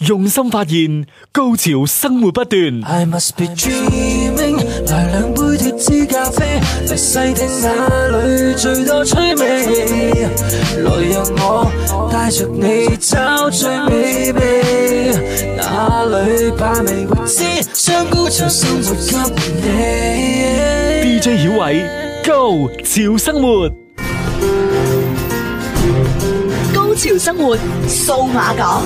用心發現，高潮生活不斷。I must be dreaming，來兩杯脫脂咖啡，細聽那裏最多趣味。來讓我帶着你找最美味，Baby, 哪裏把味未知，將高潮生活給你。DJ 小偉，Go，潮生活，高潮生活，數碼港。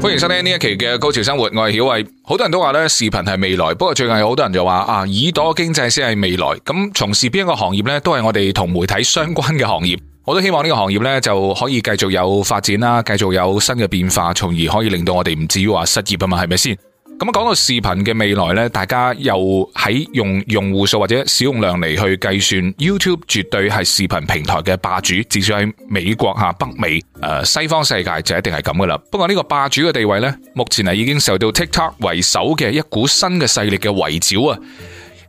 歡迎收聽呢一期嘅高潮生活，我係曉慧。好多人都話咧，視頻係未來。不過最近有好多人就話啊，耳朵經濟先係未來。咁從事邊一個行業咧，都係我哋同媒體相關嘅行業。我都希望呢個行業咧就可以繼續有發展啦，繼續有新嘅變化，從而可以令到我哋唔至於話失業啊嘛，係咪先？咁講到視頻嘅未來咧，大家又喺用用戶數或者使用量嚟去計算，YouTube 絕對係視頻平台嘅霸主，至少喺美國吓北美誒、呃、西方世界就一定係咁噶啦。不過呢個霸主嘅地位咧，目前係已經受到 TikTok 為首嘅一股新嘅勢力嘅圍剿啊！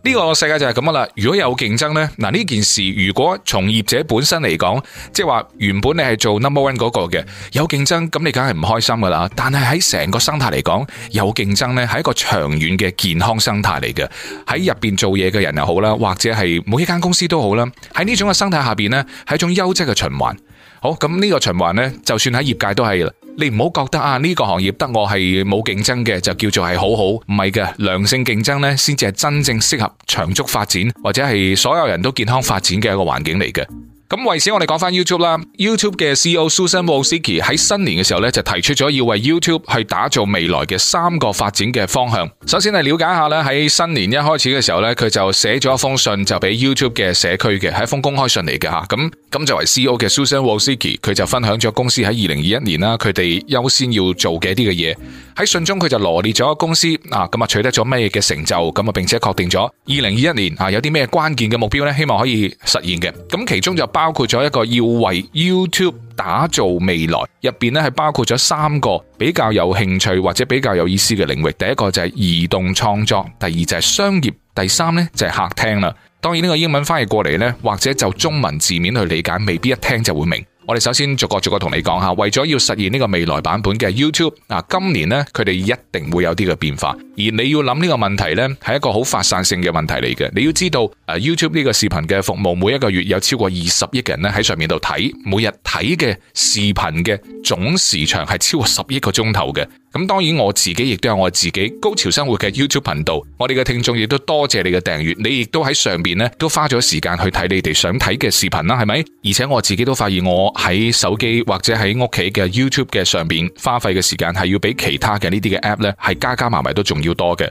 呢個世界就係咁啦。如果有競爭呢，嗱，呢件事如果從業者本身嚟講，即係話原本你係做 number one 嗰個嘅、那個，有競爭咁你梗係唔開心噶啦。但係喺成個生態嚟講，有競爭呢係一個長遠嘅健康生態嚟嘅。喺入邊做嘢嘅人又好啦，或者係每一間公司都好啦。喺呢種嘅生態下邊呢，係一種優質嘅循環。好，咁呢個循環呢，就算喺業界都係。你唔好覺得啊，呢、這個行業得我係冇競爭嘅，就叫做係好好，唔係嘅，良性競爭呢，先至係真正適合長足發展，或者係所有人都健康發展嘅一個環境嚟嘅。咁為此，我哋講翻 YouTube 啦。YouTube 嘅 CEO Susan Wojcicki 喺新年嘅時候咧，就提出咗要為 YouTube 去打造未來嘅三個發展嘅方向。首先係了解下咧，喺新年一開始嘅時候咧，佢就寫咗一封信就俾 YouTube 嘅社區嘅，係一封公開信嚟嘅吓。咁咁作為 CEO 嘅 Susan Wojcicki，佢就分享咗公司喺二零二一年啦，佢哋優先要做嘅一啲嘅嘢。喺信中佢就羅列咗公司啊，咁啊取得咗咩嘅成就，咁啊並且確定咗二零二一年啊有啲咩關鍵嘅目標咧，希望可以實現嘅。咁其中就包括咗一個要為 YouTube 打造未來，入邊咧係包括咗三個比較有興趣或者比較有意思嘅領域。第一個就係移動創作，第二就係商業，第三咧就係客廳啦。當然呢個英文翻譯過嚟咧，或者就中文字面去理解，未必一聽就會明。我哋首先逐個逐個同你講下，為咗要實現呢個未來版本嘅 YouTube，嗱、啊，今年咧佢哋一定會有啲嘅變化。而你要諗呢個問題呢，係一個好發散性嘅問題嚟嘅。你要知道，誒、啊，YouTube 呢個視頻嘅服務，每一個月有超過二十億人咧喺上面度睇，每日睇嘅視頻嘅總時長係超過十億個鐘頭嘅。咁當然我自己亦都有我自己高潮生活嘅 YouTube 頻道，我哋嘅聽眾亦都多謝你嘅訂閱，你亦都喺上邊咧都花咗時間去睇你哋想睇嘅視頻啦，係咪？而且我自己都發現我喺手機或者喺屋企嘅 YouTube 嘅上邊花費嘅時間係要比其他嘅呢啲嘅 App 咧係加加埋埋都仲要多嘅。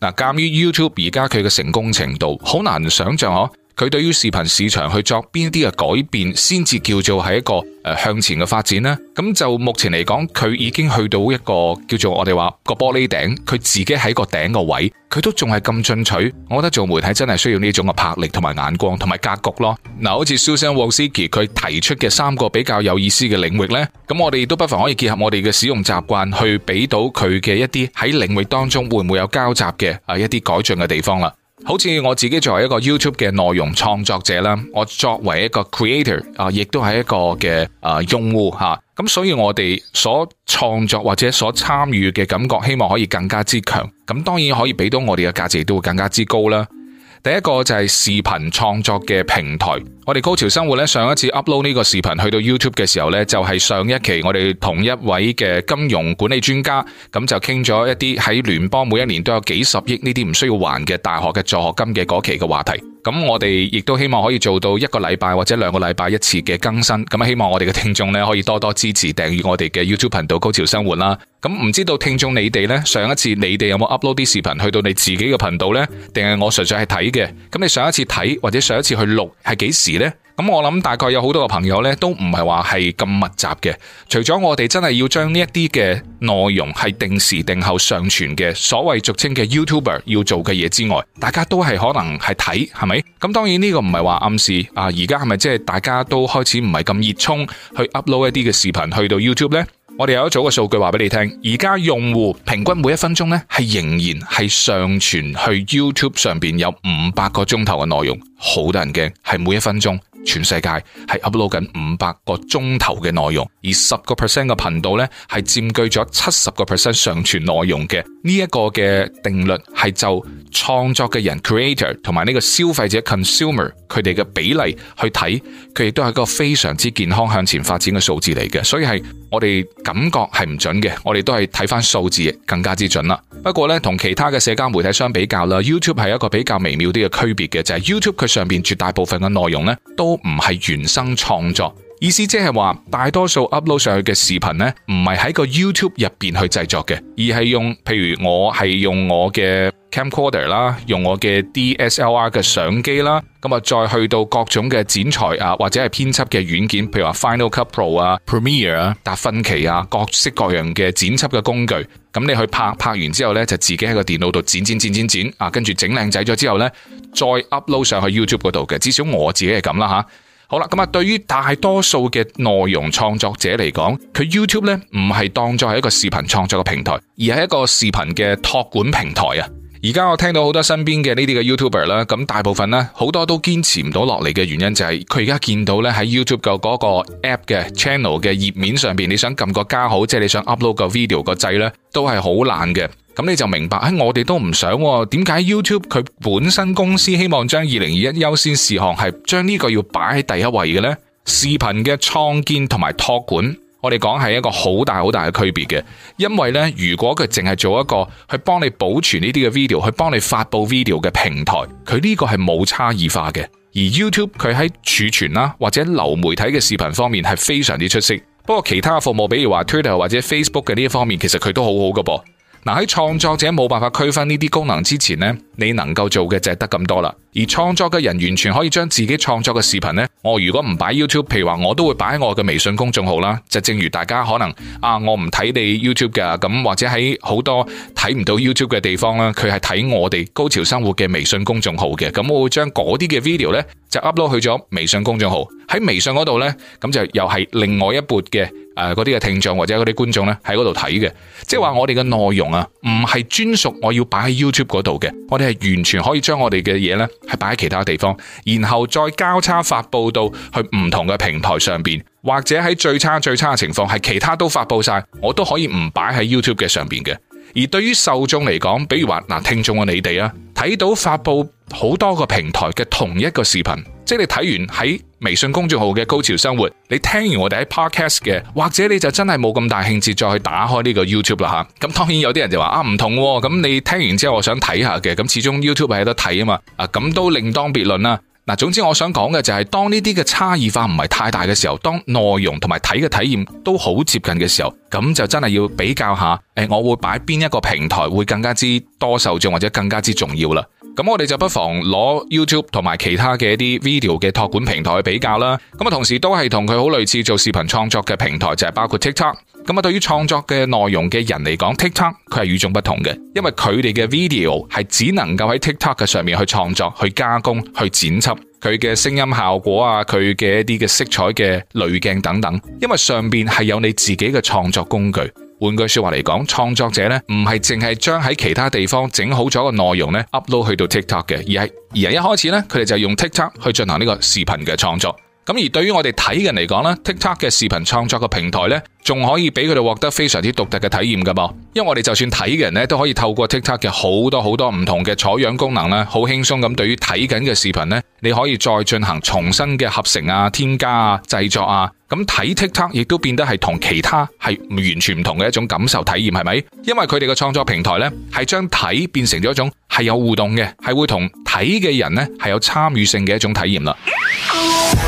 嗱，鑒於 YouTube 而家佢嘅成功程度，好難想象嗬。佢對於視頻市場去作邊啲嘅改變，先至叫做係一個誒、呃、向前嘅發展咧。咁就目前嚟講，佢已經去到一個叫做我哋話個玻璃頂，佢自己喺個頂個位，佢都仲係咁進取。我覺得做媒體真係需要呢種嘅魄力同埋眼光同埋格局咯。嗱、嗯，好似 Susan Wojcicki 佢提出嘅三個比較有意思嘅領域呢，咁我哋都不妨可以結合我哋嘅使用習慣，去俾到佢嘅一啲喺領域當中會唔會有交集嘅啊一啲改進嘅地方啦。好似我自己作為一個 YouTube 嘅內容創作者啦，我作為一個 creator 啊、呃，亦都係一個嘅啊、呃、用戶吓，咁、啊、所以我哋所創作或者所參與嘅感覺，希望可以更加之強。咁當然可以俾到我哋嘅價值，都會更加之高啦。第一個就係視頻創作嘅平台，我哋高潮生活上一次 upload 呢個視頻去到 YouTube 嘅時候呢，就係、是、上一期我哋同一位嘅金融管理專家咁就傾咗一啲喺聯邦每一年都有幾十億呢啲唔需要還嘅大學嘅助學金嘅嗰期嘅話題。咁我哋亦都希望可以做到一個禮拜或者兩個禮拜一次嘅更新，咁希望我哋嘅聽眾呢，可以多多支持訂閱我哋嘅 YouTube 頻道《高潮生活》啦。咁唔知道聽眾你哋呢，上一次你哋有冇 upload 啲視頻去到你自己嘅頻道呢？定係我純粹係睇嘅？咁你上一次睇，或者上一次去錄，係幾時呢？咁我諗大概有好多嘅朋友呢都唔係話係咁密集嘅。除咗我哋真係要將呢一啲嘅內容係定時定候上傳嘅，所謂俗稱嘅 YouTuber 要做嘅嘢之外，大家都係可能係睇，係咪？咁當然呢個唔係話暗示啊，而家係咪即係大家都開始唔係咁熱衷去 upload 一啲嘅視頻去到 YouTube 呢？我哋有一組嘅數據話俾你聽，而家用戶平均每一分鐘呢係仍然係上傳去 YouTube 上邊有五百個鐘頭嘅內容，好得人驚，係每一分鐘。全世界係 upload 緊五百個鐘頭嘅內容，而十個 percent 嘅頻道呢，係佔據咗七十個 percent 上傳內容嘅呢一個嘅定律係就。創作嘅人 creator 同埋呢個消費者 consumer 佢哋嘅比例去睇，佢亦都係一個非常之健康向前發展嘅數字嚟嘅，所以係我哋感覺係唔準嘅，我哋都係睇翻數字更加之準啦。不過呢，同其他嘅社交媒體相比較啦，YouTube 係一個比較微妙啲嘅區別嘅，就係 YouTube 佢上邊絕大部分嘅內容呢都唔係原生創作。意思即係話，大多數 upload 上去嘅視頻呢，唔係喺個 YouTube 入邊去製作嘅，而係用，譬如我係用我嘅 camcorder 啦，order, 用我嘅 DSLR 嘅相機啦，咁啊再去到各種嘅剪裁啊或者係編輯嘅軟件，譬如話 Final Cut Pro 啊、Premiere 啊、達芬奇啊，各式各樣嘅剪輯嘅工具，咁你去拍拍完之後呢，就自己喺個電腦度剪剪剪剪剪，啊，跟住整靚仔咗之後呢，再 upload 上去 YouTube 度嘅，至少我自己係咁啦吓。好啦，咁啊，對於大多數嘅內容創作者嚟講，佢 YouTube 呢唔係當作係一個視頻創作嘅平台，而係一個視頻嘅託管平台啊。而家我聽到好多身邊嘅呢啲嘅 YouTuber 啦，咁大部分呢好多都堅持唔到落嚟，嘅原因就係佢而家見到呢喺 YouTube 嘅嗰個 App 嘅 Channel 嘅頁面上邊，你想撳個加號，即係你想 upload 個 video 個掣呢，都係好難嘅。咁你就明白，喺、哎、我哋都唔想、哦，點解 YouTube 佢本身公司希望將二零二一優先事項係將呢個要擺喺第一位嘅呢？視頻嘅創建同埋託管。我哋講係一個好大好大嘅區別嘅，因為呢，如果佢淨係做一個去幫你保存呢啲嘅 video，去幫你發布 video 嘅平台，佢呢個係冇差異化嘅。而 YouTube 佢喺儲存啦或者流媒體嘅視頻方面係非常之出色。不過其他嘅服務，比如話 Twitter 或者 Facebook 嘅呢一方面，其實佢都好好嘅噃。嗱，喺創作者冇辦法區分呢啲功能之前呢，你能夠做嘅就係得咁多啦。而創作嘅人完全可以將自己創作嘅視頻呢。我如果唔擺 YouTube，譬如話我都會擺我嘅微信公眾號啦。就正如大家可能啊，我唔睇你 YouTube 嘅，咁，或者喺好多睇唔到 YouTube 嘅地方啦，佢係睇我哋高潮生活嘅微信公眾號嘅。咁我會將嗰啲嘅 video 呢，就 upload 去咗微信公眾號。喺微信嗰度呢，咁就又係另外一撥嘅。誒，嗰啲嘅聽眾或者嗰啲觀眾咧，喺嗰度睇嘅。即係話我哋嘅內容啊，唔係專屬我要擺喺 YouTube 嗰度嘅，我哋係完全可以將我哋嘅嘢咧係擺喺其他地方，然後再交叉發布到去唔同嘅平台上邊，或者喺最差最差嘅情況係其他都發布晒，我都可以唔擺喺 YouTube 嘅上邊嘅。而對於受眾嚟講，比如話嗱，聽眾啊，你哋啊，睇到發布好多個平台嘅同一個視頻，即係你睇完喺微信公眾號嘅高潮生活，你聽完我哋喺 podcast 嘅，或者你就真係冇咁大興致再去打開呢個 YouTube 啦嚇。咁、啊、當然有啲人就話啊唔同喎、哦，咁你聽完之後我想睇下嘅，咁始終 YouTube 係喺度睇啊嘛，啊咁、啊、都另當別論啦。嗱，總之我想講嘅就係，當呢啲嘅差異化唔係太大嘅時候，當內容同埋睇嘅體驗都好接近嘅時候，咁就真係要比較下，誒，我會擺邊一個平台會更加之多受眾或者更加之重要啦。咁我哋就不妨攞 YouTube 同埋其他嘅一啲 video 嘅託管平台去比較啦。咁啊，同時都係同佢好類似做視頻創作嘅平台，就係包括 TikTok。咁啊，對於創作嘅內容嘅人嚟講，TikTok 佢係與眾不同嘅，因為佢哋嘅 video 係只能夠喺 TikTok 上面去創作、去加工、去剪輯佢嘅聲音效果啊，佢嘅一啲嘅色彩嘅濾鏡等等，因為上面係有你自己嘅創作工具。換句説話嚟講，創作者呢唔係淨係將喺其他地方整好咗嘅內容呢 upload 去到 TikTok 嘅，而係而係一開始呢，佢哋就用 TikTok 去進行呢個視頻嘅創作。咁而對於我哋睇嘅人嚟講呢，TikTok 嘅視頻創作嘅平台呢，仲可以俾佢哋獲得非常之獨特嘅體驗噶噃。因為我哋就算睇嘅人呢，都可以透過 TikTok 嘅好多好多唔同嘅採樣功能呢，好輕鬆咁對於睇緊嘅視頻呢，你可以再進行重新嘅合成啊、添加啊、製作啊。咁、嗯、睇 TikTok 亦都變得係同其他係完全唔同嘅一種感受體驗，係咪？因為佢哋嘅創作平台呢，係將睇變成咗一種係有互動嘅，係會同睇嘅人呢，係有參與性嘅一種體驗啦。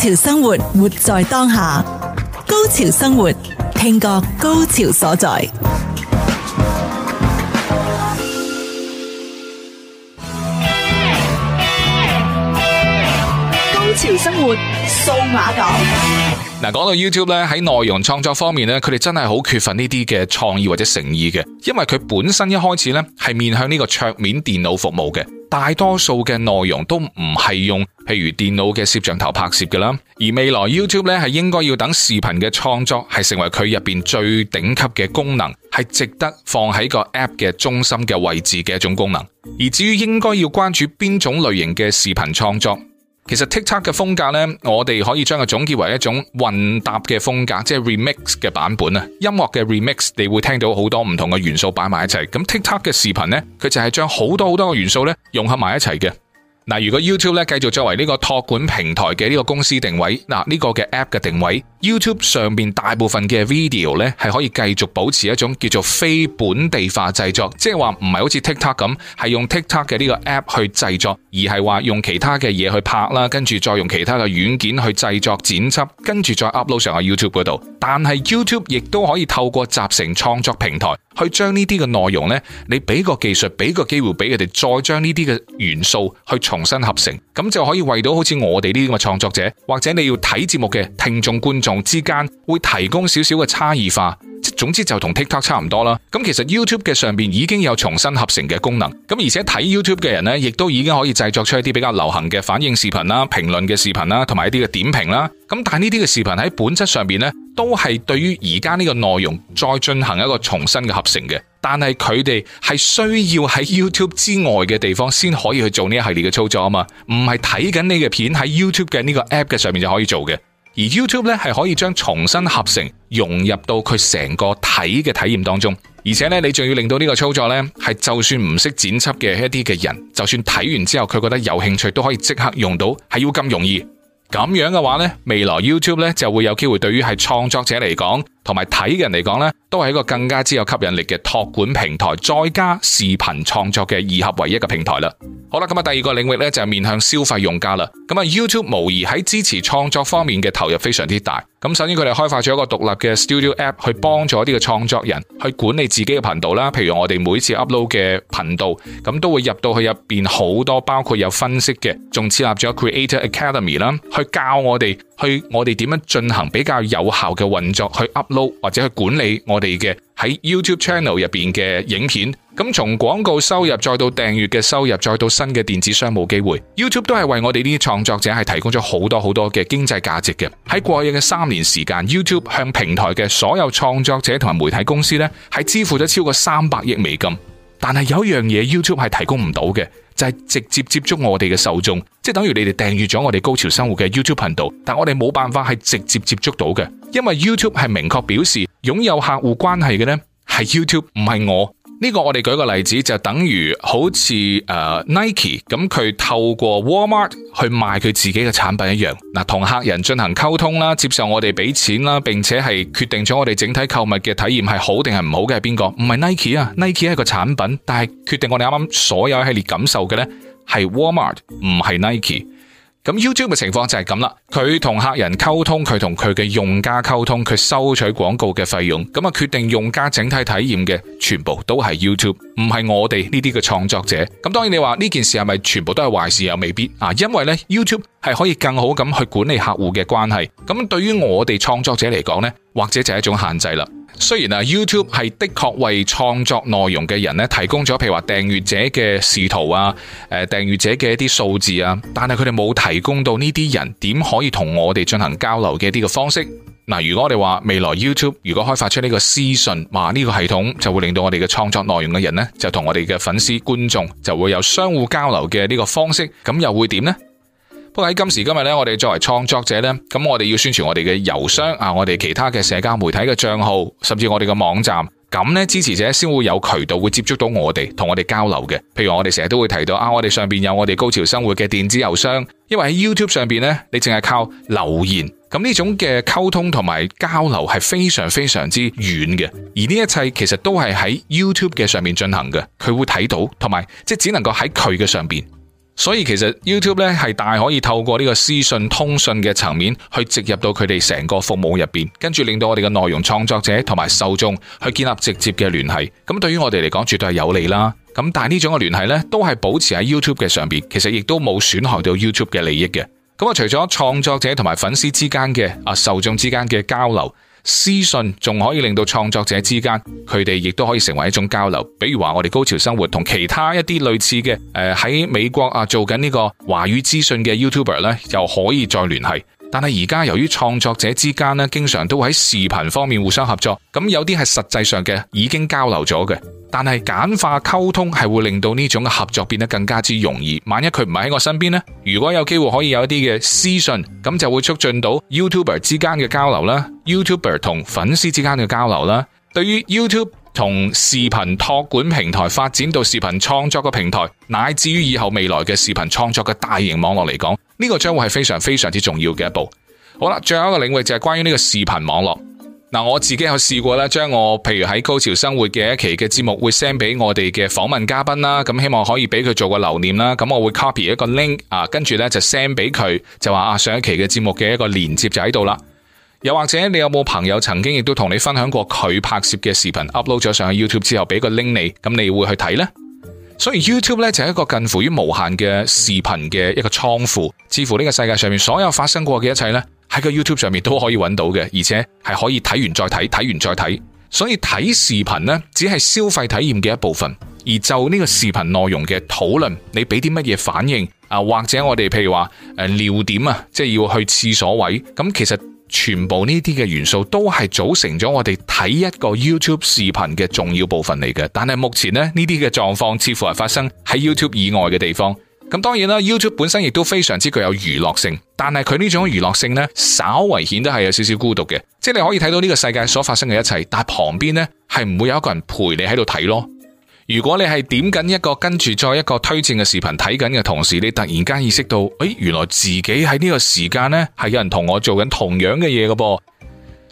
高潮生活，活在當下。高潮生活，聽覺高潮所在。高潮生活，數碼港。嗱，講到 YouTube 咧，喺內容創作方面咧，佢哋真係好缺乏呢啲嘅創意或者誠意嘅，因為佢本身一開始咧係面向呢個桌面電腦服務嘅。大多數嘅內容都唔係用，譬如電腦嘅攝像頭拍攝㗎啦。而未來 YouTube 呢係應該要等視頻嘅創作係成為佢入面最頂級嘅功能，係值得放喺個 App 嘅中心嘅位置嘅一種功能。而至於應該要關注邊種類型嘅視頻創作？其實 TikTok 嘅風格呢，我哋可以將佢總結為一種混搭嘅風格，即係 remix 嘅版本啊。音樂嘅 remix，你會聽到好多唔同嘅元素擺埋一齊。咁 TikTok 嘅視頻呢，佢就係將好多好多嘅元素呢，融合埋一齊嘅。嗱，如果 YouTube 咧繼續作為呢個託管平台嘅呢個公司定位，嗱、這、呢個嘅 App 嘅定位，YouTube 上邊大部分嘅 video 咧係可以繼續保持一種叫做非本地化製作，即係話唔係好似 TikTok 咁，係用 TikTok 嘅呢個 App 去製作，而係話用其他嘅嘢去拍啦，跟住再用其他嘅軟件去製作剪輯。跟住再 upload 上去 YouTube 度，但係 YouTube 亦都可以透過集成創作平台，去將呢啲嘅內容咧，你俾個技術，俾個機會俾佢哋再將呢啲嘅元素去重新合成，咁就可以為到好似我哋呢啲嘅創作者，或者你要睇節目嘅聽眾觀眾之間，會提供少少嘅差異化。即總之就同 TikTok 差唔多啦。咁其實 YouTube 嘅上邊已經有重新合成嘅功能，咁而且睇 YouTube 嘅人咧，亦都已經可以製作出一啲比較流行嘅反應視頻啦、評論嘅視頻啦，同埋一啲嘅點評啦。咁但係呢啲嘅視頻喺本質上邊咧，都係對於而家呢個內容再進行一個重新嘅合成嘅。但係佢哋係需要喺 YouTube 之外嘅地方先可以去做呢一系列嘅操作啊嘛，唔係睇緊你嘅片喺 YouTube 嘅呢個 App 嘅上面就可以做嘅。而 YouTube 呢係可以將重新合成融入到佢成個睇嘅體驗當中，而且呢你仲要令到呢個操作呢，係就算唔識剪輯嘅一啲嘅人，就算睇完之後佢覺得有興趣都可以即刻用到，係要咁容易。咁樣嘅話呢，未來 YouTube 呢就會有機會對於係創作者嚟講，同埋睇嘅人嚟講咧，都係一個更加之有吸引力嘅託管平台，再加視頻創作嘅二合為一嘅平台啦。好啦，咁啊第二個領域咧就係面向消費用家啦。咁啊 YouTube 無疑喺支持創作方面嘅投入非常之大。首先佢哋開發咗一個獨立嘅 Studio App 去幫助一啲嘅創作人去管理自己嘅頻道啦，譬如我哋每次 upload 嘅頻道，咁都會入到去入面好多，包括有分析嘅，仲設立咗 Creator Academy 啦，去教我哋去我哋點樣進行比較有效嘅運作去 upload 或者去管理我哋嘅喺 YouTube Channel 入邊嘅影片，咁從廣告收入再到訂閱嘅收入，再到新嘅電子商務機會，YouTube 都係為我哋呢啲創作者係提供咗好多好多嘅經濟價值嘅。喺過去嘅三年時間，YouTube 向平台嘅所有創作者同埋媒體公司咧，係支付咗超過三百億美金。但係有一樣嘢 YouTube 係提供唔到嘅，就係直接接觸我哋嘅受眾，即係等於你哋訂閱咗我哋高潮生活嘅 YouTube 頻道，但我哋冇辦法係直接接觸到嘅。因為 YouTube 係明確表示擁有客戶關係嘅呢係 YouTube 唔係我。呢個我哋舉個例子就等於好似、呃、Nike 咁，佢透過 Walmart 去賣佢自己嘅產品一樣。嗱，同客人進行溝通啦，接受我哋俾錢啦，並且係決定咗我哋整體購物嘅體驗係好定係唔好嘅係邊個？唔係 Nike 啊，Nike 係個產品，但係決定我哋啱啱所有系列感受嘅呢，係 Walmart 唔係 Nike。咁 YouTube 嘅情況就係咁啦，佢同客人溝通，佢同佢嘅用家溝通，佢收取廣告嘅費用，咁啊決定用家整體體驗嘅，全部都係 YouTube，唔係我哋呢啲嘅創作者。咁當然你話呢件事係咪全部都係壞事又未必啊，因為咧 YouTube 係可以更好咁去管理客戶嘅關係。咁對於我哋創作者嚟講呢。或者就係一種限制啦。雖然啊，YouTube 係的確為創作內容嘅人咧提供咗，譬如話訂閱者嘅視圖啊，誒、呃、訂閱者嘅一啲數字啊，但係佢哋冇提供到呢啲人點可以同我哋進行交流嘅一啲嘅方式。嗱、啊，如果我哋話未來 YouTube 如果開發出呢個私信，話、啊、呢、呢個系統就會令到我哋嘅創作內容嘅人咧就同我哋嘅粉絲觀眾就會有相互交流嘅呢個方式，咁又會點呢？不過喺今時今日咧，我哋作為創作者咧，咁我哋要宣傳我哋嘅郵箱啊，我哋其他嘅社交媒體嘅賬號，甚至我哋嘅網站，咁咧支持者先會有渠道會接觸到我哋，同我哋交流嘅。譬如我哋成日都會提到啊，我哋上邊有我哋高潮生活嘅電子郵箱，因為喺 YouTube 上邊咧，你淨係靠留言，咁呢種嘅溝通同埋交流係非常非常之遠嘅。而呢一切其實都係喺 YouTube 嘅上面進行嘅，佢會睇到，同埋即只能夠喺佢嘅上邊。所以其實 YouTube 咧，係大可以透過呢個私信通訊嘅層面去植入到佢哋成個服務入邊，跟住令到我哋嘅內容創作者同埋受眾去建立直接嘅聯繫。咁對於我哋嚟講絕對係有利啦。咁但係呢種嘅聯繫咧，都係保持喺 YouTube 嘅上邊，其實亦都冇損害到 YouTube 嘅利益嘅。咁、嗯、啊，除咗創作者同埋粉絲之間嘅啊，受眾之間嘅交流。私信仲可以令到創作者之間，佢哋亦都可以成為一種交流。比如話我哋高潮生活同其他一啲類似嘅，誒、呃、喺美國啊做緊呢個華語資訊嘅 YouTuber 咧，又可以再聯繫。但係而家由於創作者之間呢，經常都會喺視頻方面互相合作，咁有啲係實際上嘅已經交流咗嘅，但係簡化溝通係會令到呢種嘅合作變得更加之容易。萬一佢唔係喺我身邊呢，如果有機會可以有一啲嘅私信，咁就會促進到 YouTuber 之間嘅交流啦，YouTuber 同粉絲之間嘅交流啦。對於 YouTube 同視頻託管平台發展到視頻創作嘅平台，乃至於以後未來嘅視頻創作嘅大型網絡嚟講。呢個將會係非常非常之重要嘅一步。好啦，最後一個領域就係關於呢個視頻網絡。嗱、嗯，我自己有試過咧，將我譬如喺高潮生活嘅一期嘅節目，會 send 俾我哋嘅訪問嘉賓啦。咁希望可以俾佢做個留念啦。咁我會 copy 一個 link 啊，跟住咧就 send 俾佢，就話啊上一期嘅節目嘅一個鏈接就喺度啦。又或者你有冇朋友曾經亦都同你分享過佢拍攝嘅視頻 upload 咗上去 YouTube 之後俾個 link 你，咁你會去睇呢？所以 YouTube 咧就係一個近乎於無限嘅視頻嘅一個倉庫，似乎呢個世界上面所有發生過嘅一切咧喺個 YouTube 上面都可以揾到嘅，而且係可以睇完再睇，睇完再睇。所以睇視頻咧只係消費體驗嘅一部分，而就呢個視頻內容嘅討論，你俾啲乜嘢反應啊？或者我哋譬如話誒尿點啊，即係要去廁所位咁，其實。全部呢啲嘅元素都係組成咗我哋睇一個 YouTube 視頻嘅重要部分嚟嘅，但係目前呢呢啲嘅狀況似乎係發生喺 YouTube 以外嘅地方。咁當然啦，YouTube 本身亦都非常之具有娛樂性，但係佢呢種娛樂性呢，稍為顯得係有少少孤獨嘅。即係你可以睇到呢個世界所發生嘅一切，但係旁邊呢，係唔會有一個人陪你喺度睇咯。如果你係點緊一個跟住再一個推薦嘅視頻睇緊嘅同時，你突然間意識到，誒、欸，原來自己喺呢個時間呢係有人同我做緊同樣嘅嘢嘅。噃。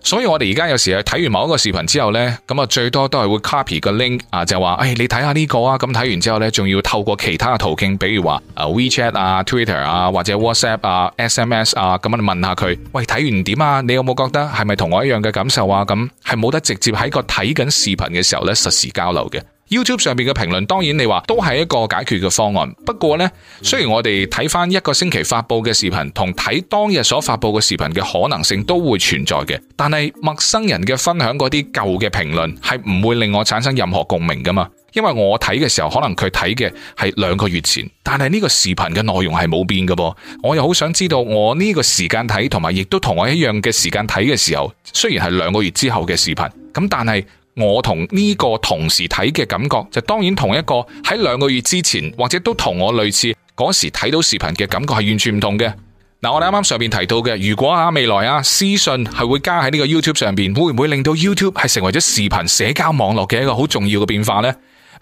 所以我哋而家有時係睇完某一個視頻之後呢，咁啊最多都係會 copy 個 link 啊，就話誒、欸、你睇下呢個啊。咁睇完之後呢，仲要透過其他嘅途徑，比如話 WeChat 啊、Twitter 啊或者 WhatsApp 啊、SMS 啊咁樣問下佢，喂，睇完點啊？你有冇覺得係咪同我一樣嘅感受啊？咁係冇得直接喺個睇緊視頻嘅時候呢，實時交流嘅。YouTube 上面嘅評論，當然你話都係一個解決嘅方案。不過呢，雖然我哋睇翻一個星期發佈嘅視頻，同睇當日所發佈嘅視頻嘅可能性都會存在嘅，但係陌生人嘅分享嗰啲舊嘅評論係唔會令我產生任何共鳴噶嘛。因為我睇嘅時候，可能佢睇嘅係兩個月前，但係呢個視頻嘅內容係冇變嘅噃。我又好想知道，我呢個時間睇，同埋亦都同我一樣嘅時間睇嘅時候，雖然係兩個月之後嘅視頻，咁但係。我同呢個同時睇嘅感覺，就當然同一個喺兩個月之前，或者都同我類似嗰時睇到視頻嘅感覺係完全唔同嘅。嗱、嗯，我哋啱啱上面提到嘅，如果啊未來啊私信係會加喺呢個 YouTube 上邊，會唔會令到 YouTube 係成為咗視頻社交網絡嘅一個好重要嘅變化呢？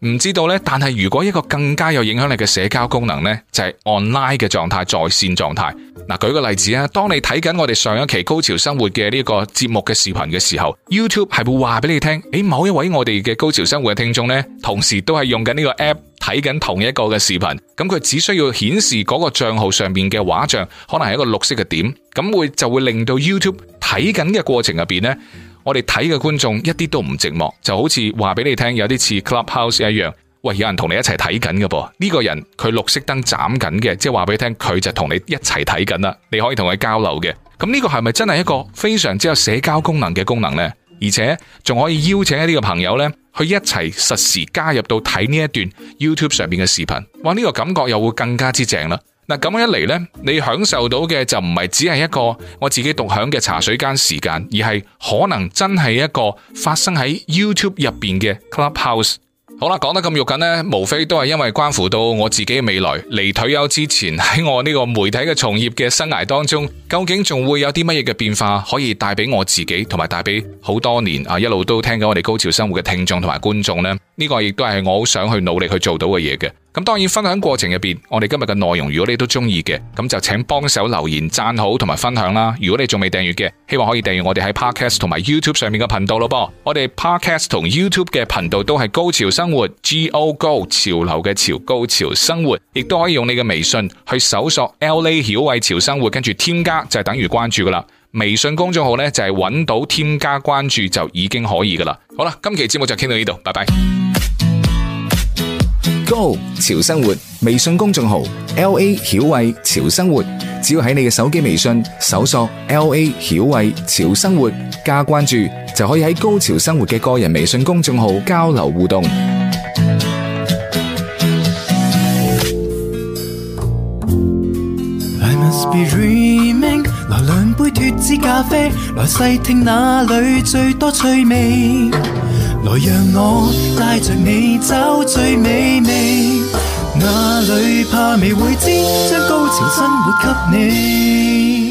唔知道呢，但係如果一個更加有影響力嘅社交功能呢，就係 online 嘅狀態，在綫狀態。嗱，舉個例子啊，當你睇緊我哋上一期《高潮生活》嘅呢個節目嘅視頻嘅時候，YouTube 係會話俾你聽，誒，某一位我哋嘅《高潮生活》嘅聽眾呢，同時都係用緊呢個 app 睇緊同一個嘅視頻，咁佢只需要顯示嗰個賬號上面嘅畫像，可能係一個綠色嘅點，咁會就會令到 YouTube 睇緊嘅過程入邊呢。我哋睇嘅觀眾一啲都唔寂寞，就好似話俾你聽有啲似 Clubhouse 一樣，喂，有人同你一齊睇緊嘅噃，呢個人佢綠色燈眨緊嘅，即係話俾你聽佢就同你一齊睇緊啦，你可以同佢交流嘅，咁、嗯、呢個係咪真係一個非常之有社交功能嘅功能呢？而且仲可以邀請呢個朋友呢去一齊實時加入到睇呢一段 YouTube 上面嘅視頻，哇，呢個感覺又會更加之正啦！嗱，咁樣一嚟咧，你享受到嘅就唔係只係一個我自己獨享嘅茶水間時間，而係可能真係一個發生喺 YouTube 入面嘅 Clubhouse。好啦，講得咁肉緊呢無非都係因為關乎到我自己嘅未來，離退休之前喺我呢個媒體嘅從業嘅生涯當中，究竟仲會有啲乜嘢嘅變化可以帶俾我自己，同埋帶俾好多年啊一路都聽緊我哋高潮生活嘅聽眾同埋觀眾呢？呢、這個亦都係我好想去努力去做到嘅嘢。咁當然，分享過程入邊，我哋今日嘅內容，如果你都中意嘅，咁就請幫手留言讚好同埋分享啦。如果你仲未訂閱嘅，希望可以訂閱我哋喺 Podcast 同埋 YouTube 上面嘅頻道咯噃。我哋 Podcast 同 YouTube 嘅頻道都係高潮生活 G O GO 潮流嘅潮，高潮生活，亦都可以用你嘅微信去搜索 LA 曉慧潮生活，跟住添加就係等於關注噶啦。微信公眾號咧就係揾到添加關注就已經可以噶啦。好啦，今期節目就傾到呢度，拜拜。Go 潮生活微信公眾號 L A 曉慧潮生活，只要喺你嘅手機微信搜索 L A 曉慧潮生活加關注，就可以喺高潮生活嘅個人微信公眾號交流互動。來兩杯脫脂咖啡，來細聽哪裏最多趣味。來，讓我帶着你找最美味，那裏怕未會知，將高潮生活給你。